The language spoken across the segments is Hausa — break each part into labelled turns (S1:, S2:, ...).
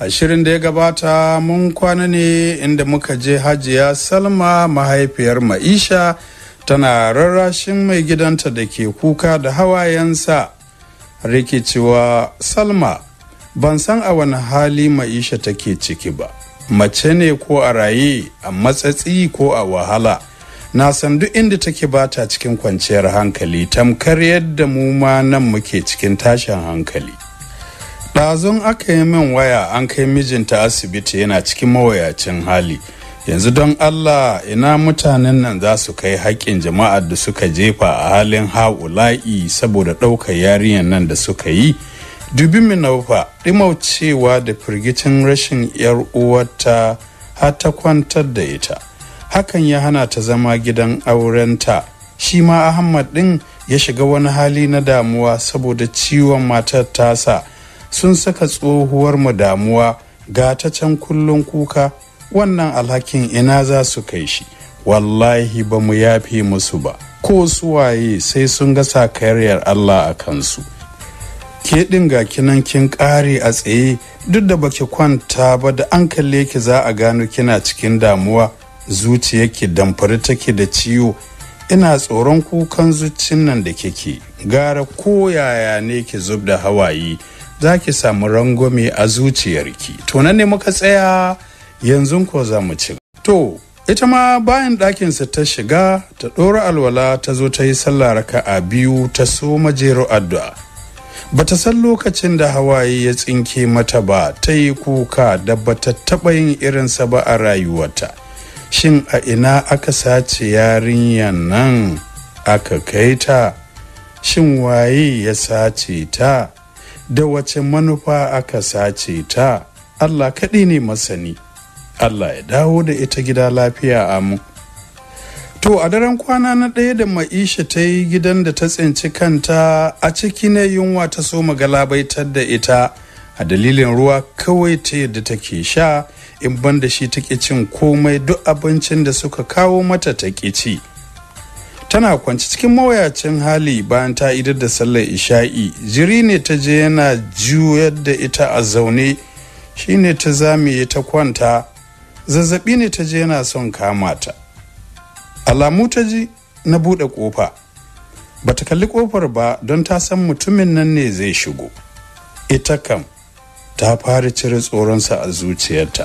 S1: A shirin da ya gabata mun kwana ne inda muka je hajiya salma mahaifiyar maisha tana rarrashin mai gidanta da ke kuka da hawayensa rikicewa salma ban san a wani hali maisha take ciki ba mace ne ko a raye a matsatsi ko a wahala na san duk inda take bata cikin kwanciyar hankali tamkar yadda mu ma nan muke cikin tashin hankali ɗazun aka yi min waya an kai mijinta asibiti yana cikin mawayacin hali yanzu don allah ina mutanen nan za su kai haƙƙin jama'ar da suka jefa a halin ha'ula'i saboda ɗaukar yarinyar nan da suka yi dubi minaufa ɗimaucewa da firgicin rashin yar uwarta har ta kwantar da ita hakan ya hana ta zama gidan aurenta shi ma ahmad ɗin ya shiga wani hali na damuwa saboda ciwon matar tasa sun saka tsohuwar mu damuwa ga ta can kullun kuka wannan alhakin ina za su kai shi wallahi ba mu yafe musu ba ko waye sai sun ga sakayyar Allah a kansu ke ɗin ga kinan kin ƙare a tsaye duk da baki kwanta ba da an kalle ki za a gano kina cikin damuwa zuciyarki damfari take da ciwo ina tsoron kukan zuccin nan da kike gara ko yaya ne ki zub da hawaye za ki samu rangwame a zuciyarki to nan ne muka tsaya yanzu ko za mu ci to ita ma bayan ɗakinsa ta shiga ta ɗora alwala ta zo ta yi sallah a biyu ta so majero addu'a ba ta san lokacin da hawaye ya tsinke mata ba ta yi kuka da ba ta taɓa yin irinsa ba a rayuwarta shin a ina aka sace yarinyar nan aka kai ta shin waye ya sace ta da wace manufa aka sace ta Allah kaɗi ne masani Allah ya dawo da ita gida lafiya amu to a daren kwana na ɗaya da ma'isha ta yi gidan da ta tsinci kanta a ciki na yunwa ta so galabaitar da ita a dalilin ruwa kawai ta yadda take sha in ban da shi take cin komai duk abincin da suka kawo mata ta ci. tana kwance cikin mawuyacin hali bayan ta idar da sallar isha'i jiri ne ta je yana juyar da ita a zaune shine ta zamiye ta kwanta zazzabi ne ta je yana son kama ta alamu ta ji na buɗe ƙofa ba ta kalli ƙofar ba don ta san mutumin nan ne zai shigo ita kam ta fara cire tsoronsa a zuciyarta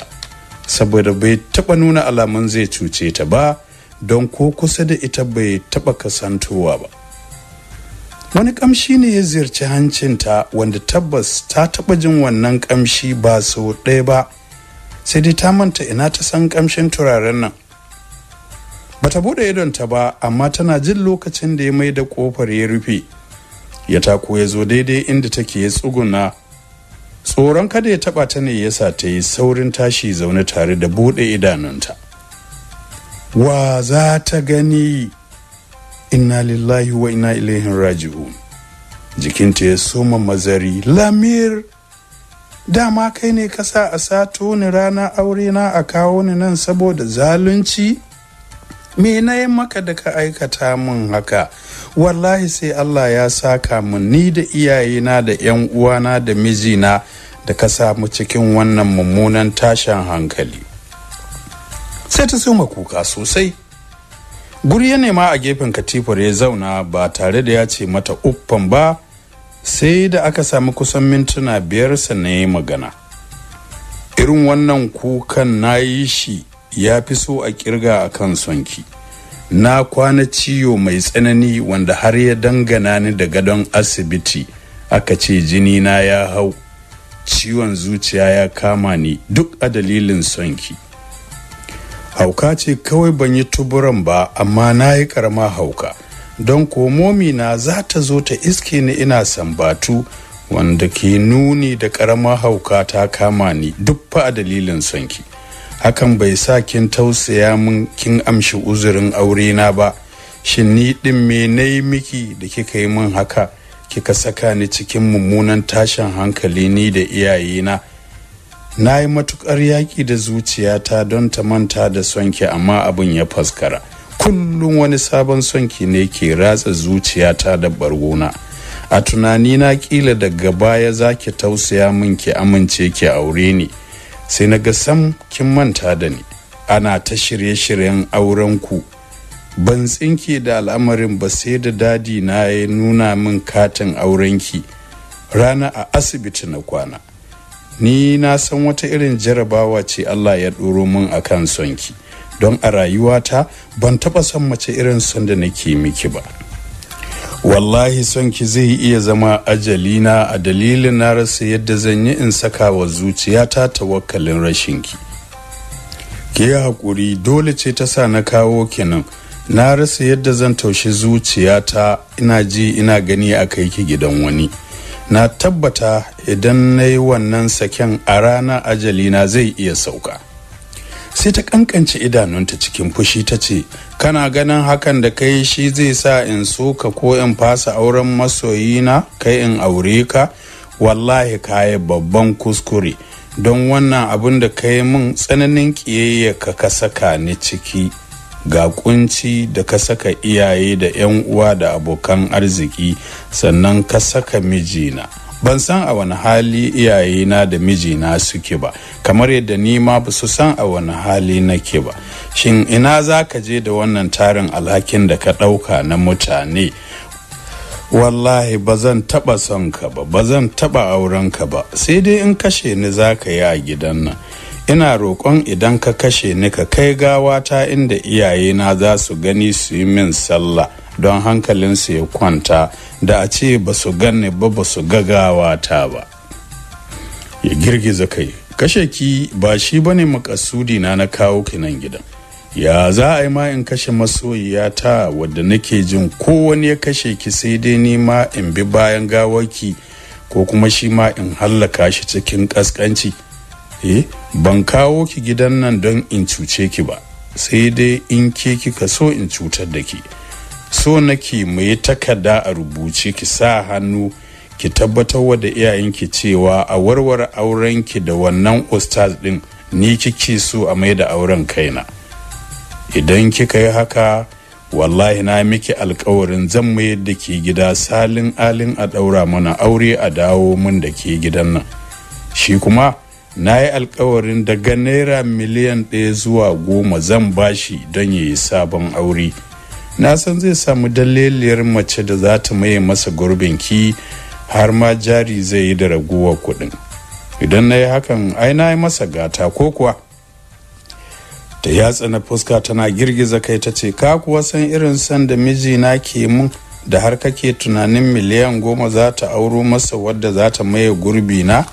S1: saboda bai taɓa nuna alamun zai cuce ta ba don ko kusa da ita bai taɓa kasantowa ba wani ƙamshi ne ya ziyarci hancinta wanda tabbas ta taɓa jin wannan ƙamshi ba sau ɗaya ba sai dai ta manta ina ta san ƙamshin turaren nan bata buɗe idonta ba amma tana jin lokacin da ya mai da ƙofar ya rufe ya tako ya zo daidai inda take ya tsuguna tsoron kada ya taɓa ta ne yasa ta yi saurin tashi zaune tare da buɗe idanunta wa za ta gani Ina lillahi wa ina ilaihin raji'u jikinta ya soma mazari lamir dama kai ne kasa a sato ni rana aure na a kawo ni nan saboda zalunci me na yi maka da ka aikata min haka wallahi sai allah ya saka min ni da iyayena da 'yan uwana da mijina da ka samu cikin wannan mummunan tashin hankali sai ta suma kuka sosai guri ya nema a gefen katifar ya zauna ba tare da ya ce mata uffan ba sai da aka sami kusan mintuna biyar sannan ya yi magana irin wannan kukan na yi shi ya fi so a kirga a kan sonki na kwana ciyo mai tsanani wanda har ya dangana ni da gadon asibiti aka ce jini na ya hau ciwon zuciya ya kama ni duk a dalilin sonki hauka ce kawai ban yi tuburan ba amma na yi karama hauka don komomi na za ta zo ta iske ni ina sambatu wanda ke nuni da karama hauka ta kama ni duk fa a dalilin sanki hakan bai sa kin tausaya min kin amshi uzurin aure na ba shin ni din me na yi miki da kika yi min haka kika saka ni cikin mummunan tashin hankali ni da iyayena na yi matukar yaƙi da zuciyata don ta manta da sonki amma abin ya faskara kullum wani sabon sonki ne ke ratsa zuciyata da bargona a tunanina kila daga baya za ki tausaya min ki amince ki aure ni sai na ga sam kin manta da ni ana ta shirye-shiryen auren ku ban tsinke da al'amarin ba sai da dadi na ya nuna min katin aurenki rana a asibiti na kwana ni na san wata irin jarabawa ce Allah ya ɗoro min a kan sonki don a rayuwata ban taɓa son mace irin son da nake miki ba wallahi sonki zai iya zama ajali na a dalilin na rasa yadda zan yi in saka wa zuciyata tawakkalin rashinki ki haƙuri dole ce ta sa na kawo kenan na rasa yadda zan taushe zuciyata ina ji ina gani a kai ki gidan wani na tabbata idan na yi wannan saken a rana ajalina zai iya sauka sai ta kankance idanunta cikin fushi ta ce kana ganin hakan da kai shi zai sa in soka ko in fasa auren masoyina kai in aure ka wallahi kayi babban kuskure don wannan abin da kai min tsananin kiyayya ka saka ni ciki ga kunci da ka saka iyaye da 'yan uwa da abokan arziki sannan ka saka mijina ban san a wani hali iyayena da mijina suke ba kamar yadda ni ma ba su san a wani hali nake ba shin ina za ka je da wannan tarin alhakin da ka ɗauka na mutane wallahi ba zan taɓa son ka ba ba zan taɓa auren ka ba sai dai in kashe ni za ka yi a gidan nan ina roƙon idan ka kashe ni ka kai gawata inda iyayena za su gani su yi min sallah don hankalin su ya kwanta da a ce ba su gane ba ba su ga gawata ba ya girgiza kai kashe ki ba shi ba ne makasudi na na kawo ki nan gidan ya za a yi ma in kashe masoyiya ta wadda nake jin ko wani ya kashe ki sai dai ni ma in bi bayan gawarki ko kuma shi ma in hallaka shi cikin kaskanci. eh ban kawo ki gidan nan don in cuce ki ba sai dai in ke kika so in cutar da ki so nake mu yi takarda a rubuce ki sa hannu ki tabbatar da iyayenki cewa a warware aurenki da wannan ustaz din ni kike so a mai da auren kaina idan kika yi haka wallahi na miki alkawarin zan mai da ke gida salin alin a ɗaura mana aure a dawo mun da ke gidan nan shi kuma na yi alkawarin daga naira miliyan ɗaya zuwa goma zan bashi don ya yi sabon aure na san zai samu daliliyar mace da za ta maye masa gurbin ki har ma jari zai yi da raguwar kuɗin idan na yi hakan ai na yi masa gata ko kuwa ta yatsa na fuska tana girgiza kai ta ce ka kuwa san irin san da mijina ke mun da har kake tunanin miliyan goma za ta auro masa wadda za ta maye gurbi na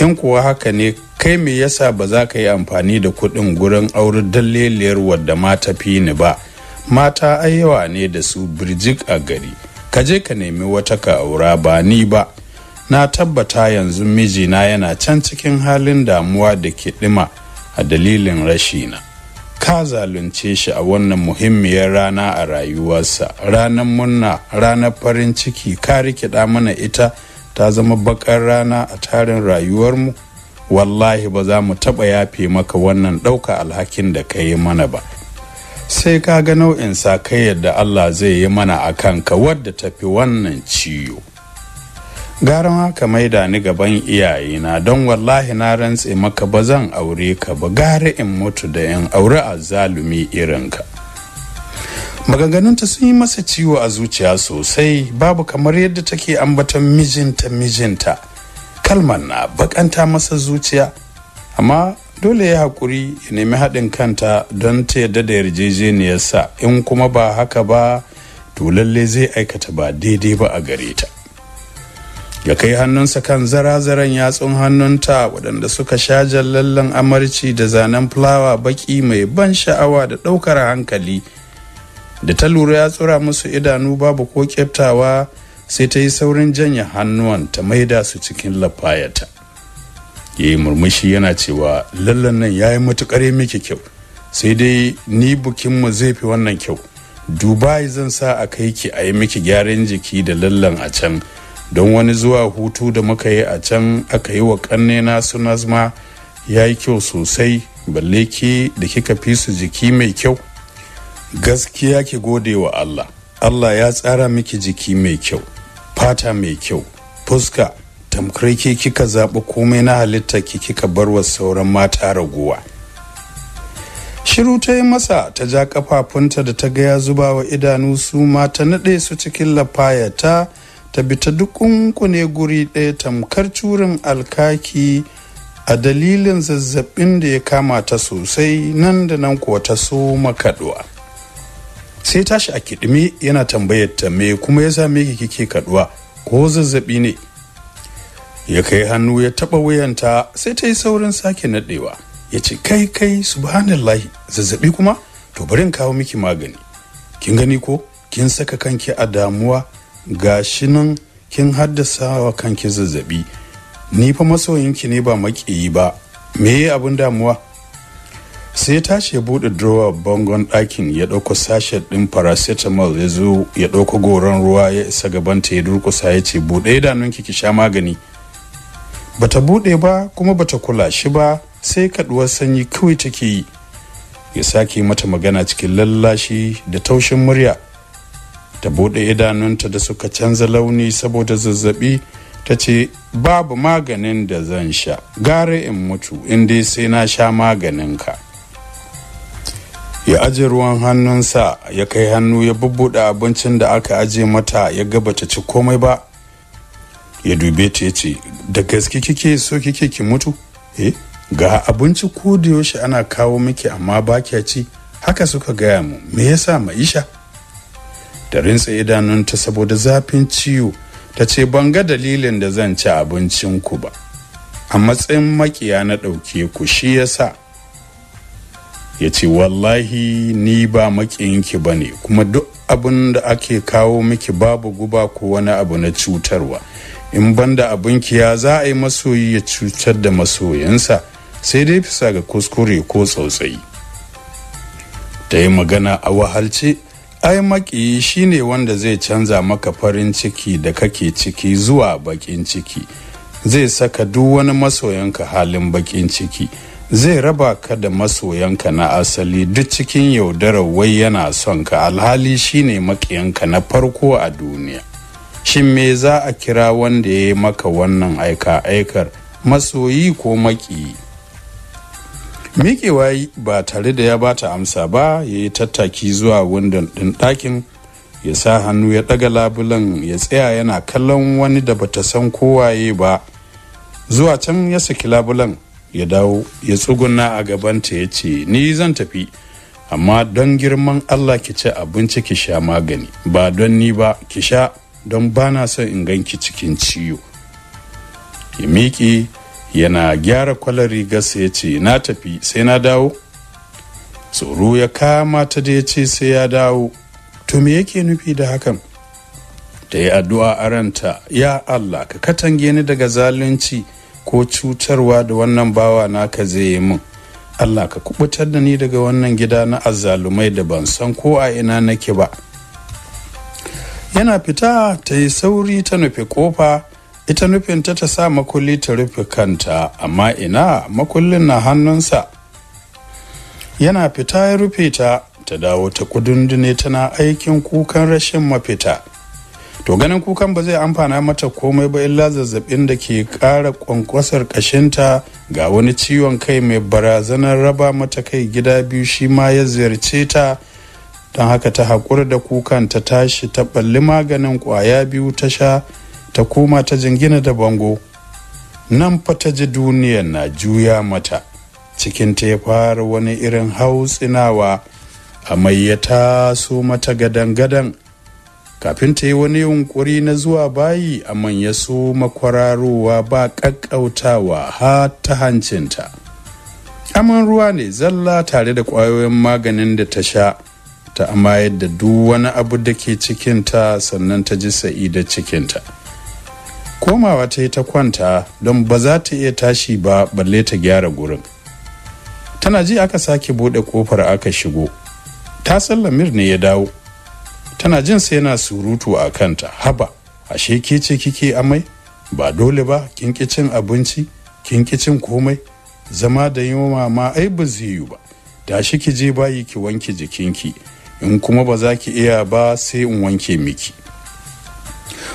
S1: in kuwa haka ne kai me yasa ba za ka yi amfani da kuɗin gurin aure dalleliyar wadda mata fi ni ba mata yawa ne da su birjik a gari ka je ka nemi wata ka aura ba ni ba na tabbata yanzu mijina yana can cikin halin damuwa da ke ɗima a dalilin rashina ka zalunce shi a wannan muhimmiyar rana a rayuwarsa ranar murna ranar farin ciki ka rikida mana ita ta zama bakar rana a tarin rayuwarmu wallahi ba za mu taɓa yafe maka wannan ɗauka alhakin da ka yi mana ba sai ka ga nau'in sa kai yadda allah zai yi mana a ka wadda tafi wannan ciwo gara ma ka maida ni gaban iyayena don wallahi na rantse maka ba zan aure ka ba gara in mutu da yan aure a zalumi irinka maganganunta sun yi masa ciwo a zuciya sosai babu kamar yadda take ambaton mijinta mijinta kalmar na bakanta masa zuciya amma dole ya haƙuri ya nemi haɗin kanta don ta yarda da yarjejeniyarsa in kuma ba haka ba to lalle zai aikata ba daidai ba a gare ta ya kai hannunsa kan zara zaran yatsun hannunta waɗanda suka sha jallallen amarci da zanen fulawa baki mai ban sha'awa da ɗaukar hankali da ta lura ya tsura musu idanu babu ko kyaftawa sai ta yi saurin janye hannuwan ta maida su cikin lafayata ya yi murmushi yana cewa lallan nan ya yi matuƙar yi miki kyau sai dai ni bukinmu zai fi wannan kyau dubai zan sa a kai ki a yi miki gyaran jiki da lallan a can don wani zuwa hutu da muka yi a can aka yi wa ƙannena su nazma ya yi kyau sosai balle ki da kika fi su jiki mai kyau gaskiya ki gode wa Allah Allah ya tsara miki jiki mai kyau fata mai kyau fuska tamkar ke kika zaɓi komai na halitta ki kika bar wa sauran mata raguwa shiru ta yi masa ta ja kafafunta da ta gaya ya zuba wa idanu su mata naɗe su cikin lafaya ta ta bi ta duk ne guri ɗaya tamkar curin alkaki a dalilin zazzabin da ya kama ta sosai nan da nan kuwa ta so makaɗuwa. sai tashi a kidime yana tambayar ta me kuma ya same ki kike kaduwa ko zazzabi ne ya kai hannu ya taɓa wuyanta sai ta yi saurin sake naɗewa ya ce kai kai subhanallahi zazzabi kuma to bari in kawo miki magani kin gani ko kin saka kanki a damuwa gashi nan kin haddasa wa kanki zazzabi ni fa masoyinki ne ba maƙiyi ba me abin damuwa sai ya tashi ya bude drawer bangon ɗakin ya ɗauko sashet ɗin paracetamol ya zo ya ɗauko goron ruwa ya isa gabanta ya durkusa ya ce buɗe idanunki ki sha magani bata buɗe ba kuma bata kula shi ba sai kaɗuwar sanyi kawai take yi ya sake mata magana cikin lallashi da taushin murya ta buɗe idanunta da suka canza launi saboda zazzabi ta ce babu maganin da zan sha gare in mutu in dai sai na sha maganin ka. ya aje ruwan hannunsa ya kai hannu ya bubbuɗe abincin da aka aje mata ya gaba bata ci komai ba ya dube ta ya ce da gaske kike so kike ki mutu eh ga abinci ko da yaushe ana kawo miki amma ba kya ci haka suka gaya mu me yasa maisha da idanun ta saboda zafin ciwo ta ce ban ga dalilin da zan ci abincin ku ba a matsayin makiya na ɗauke ku shi yasa ya ce wallahi ni ba maƙiyinki ba ne kuma duk abin da ake kawo miki babu guba ko wani abu na cutarwa in banda abinki ya za a yi masoyi ya cutar da masoyinsa sai dai fisa ga kuskure ko tsautsayi ta yi magana a wahalce ai maƙiyi shine wanda zai canza maka farin ciki da kake ciki zuwa baƙin ciki zai saka duk wani masoyanka halin baƙin ciki zai raba ka da masoyanka na asali duk cikin yaudarar wai yana son ka alhali shine makiyanka na farko a duniya shin me za a kira wanda ya yi maka wannan aika aikar masoyi ko maki miƙewa ba tare da ya bata amsa ba ya yi tattaki zuwa wundon ɗin ɗakin ya sa hannu ya ɗaga labulan ya tsaya yana kallon wani da bata san kowaye ba zuwa can ya saki labulan ya dawo ya tsuguna a gabanta ya ce ni zan tafi amma don girman allah ki ci abinci ki sha magani ba don ni ba ki sha don ba na son in ganki cikin ciwo ya miƙi yana gyara kwalar rigarsa ya ce na tafi sai na dawo tsoro ya kama ta da ya ce sai ya dawo to me yake nufi da hakan ta yi addu'a a ranta ya allah ka katange ni daga zalunci ko cutarwa da wannan bawa naka zai yi min allah ka kubutar da ni daga wannan gida na azzalumai da ban san ko a ina nake ba yana fita ta yi sauri ta nufi kofa ita nufinta ta sa makulli ta rufe kanta amma ina makullin na hannunsa yana fita ya rufe ta ta dawo ta kudundune tana aikin kukan rashin mafita to ganin kukan ba zai amfana mata komai ba illa zazzabin da ke ƙara ƙwanƙwasar ƙashinta ga wani ciwon kai mai barazanar raba mata kai gida biyu shi ma ya ziyarce ta don haka ta haƙura da kukan ta tashi ta ɓalli maganin ƙwaya biyu ta sha ta koma ta jingina da bango nan fa ta ji duniyar na juya mata cikin ta ya fara wani irin hautsinawa mai ya taso mata gadan-gadan kafin ta yi wani yunkuri na zuwa bayi a ya so makwararowa ba ƙaƙƙautawa ha ta hancinta aman ruwa ne zalla tare da ƙwayoyin maganin da ta sha ta amma yadda duk wani abu da ke cikinta sannan ta ji sa'i da cikinta komawa ta yi ta kwanta don ba za ta iya tashi ba balle ta gyara gurin tana ji aka sake buɗe ƙofar aka shigo ta sallamir ne ya dawo tana jin sai yana surutu a kanta haba ashe ke ce kike amai ba dole ba kin abinci kinkicin komai zama da yunwa ma ai ba zai yi ba tashi ki je bayi ki wanke jikinki in kuma ba za ki iya ba sai in wanke miki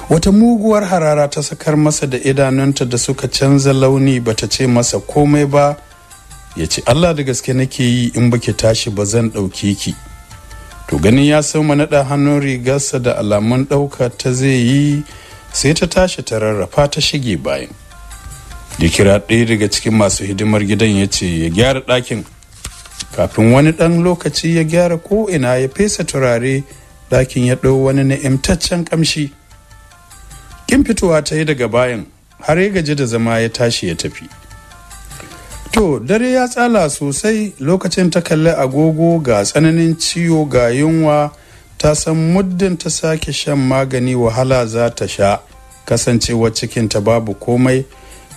S1: wata muguwar harara ta sakar masa da idanunta da suka canza launi bata ce masa komai ba ya ce allah da gaske nake yi in baki tashi ba zan ɗauke ki to ganin ya soma naɗa hannun rigarsa da alamun ɗauka ta zai yi sai ta tashi ta rarrafa ta shige bayan ya ɗaya daga cikin masu hidimar gidan ya ce ya gyara ɗakin kafin wani ɗan lokaci ya gyara ko ina ya fesa turare ɗakin ya ɗau wani na'imtaccen ƙamshi kin fitowa ta yi daga bayan har ya gaji da zama ya tashi ya tafi To dare ya tsala sosai lokacin ta kalli agogo ga tsananin ciwo ga yunwa ta san muddin ta sake shan magani wahala za ta sha kasancewa cikin ta babu komai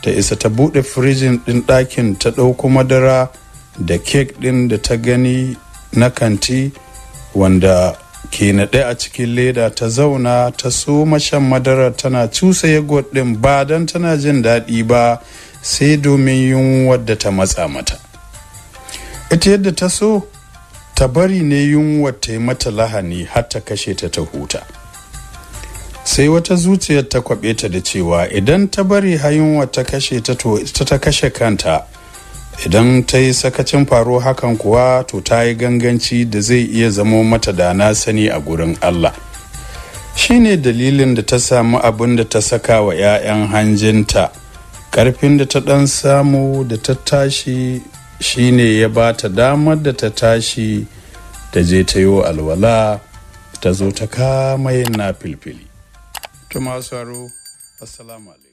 S1: ta isa ta buɗe firijin ɗin ɗakin ta ɗauko madara da kek ɗin da ta gani na kanti wanda ke naɗe a cikin leda ta zauna ta soma shan madara tana cusa yagwad ɗin ba don tana jin daɗi ba sai domin yunwar da ta matsa mata ita yadda ta so ta bari ne yunwar ta yi mata lahani har ta kashe ta ta huta sai wata zuciyar ta kwabe ta da cewa idan ta bari hayunwa ta kashe ta ta kashe kanta idan ta yi sakacin faro hakan kuwa to ta yi ganganci da zai iya zamo mata da na sani a gurin Allah shine dalilin da ta samu abin da ta saka wa 'ya'yan hanjinta karfin da ta dan samu da ta tashi shine ya ba ta damar da ta tashi ta je ta yi alwala ta zo ta kama yin na filfili. Tumasaro, Assalamu alaikum.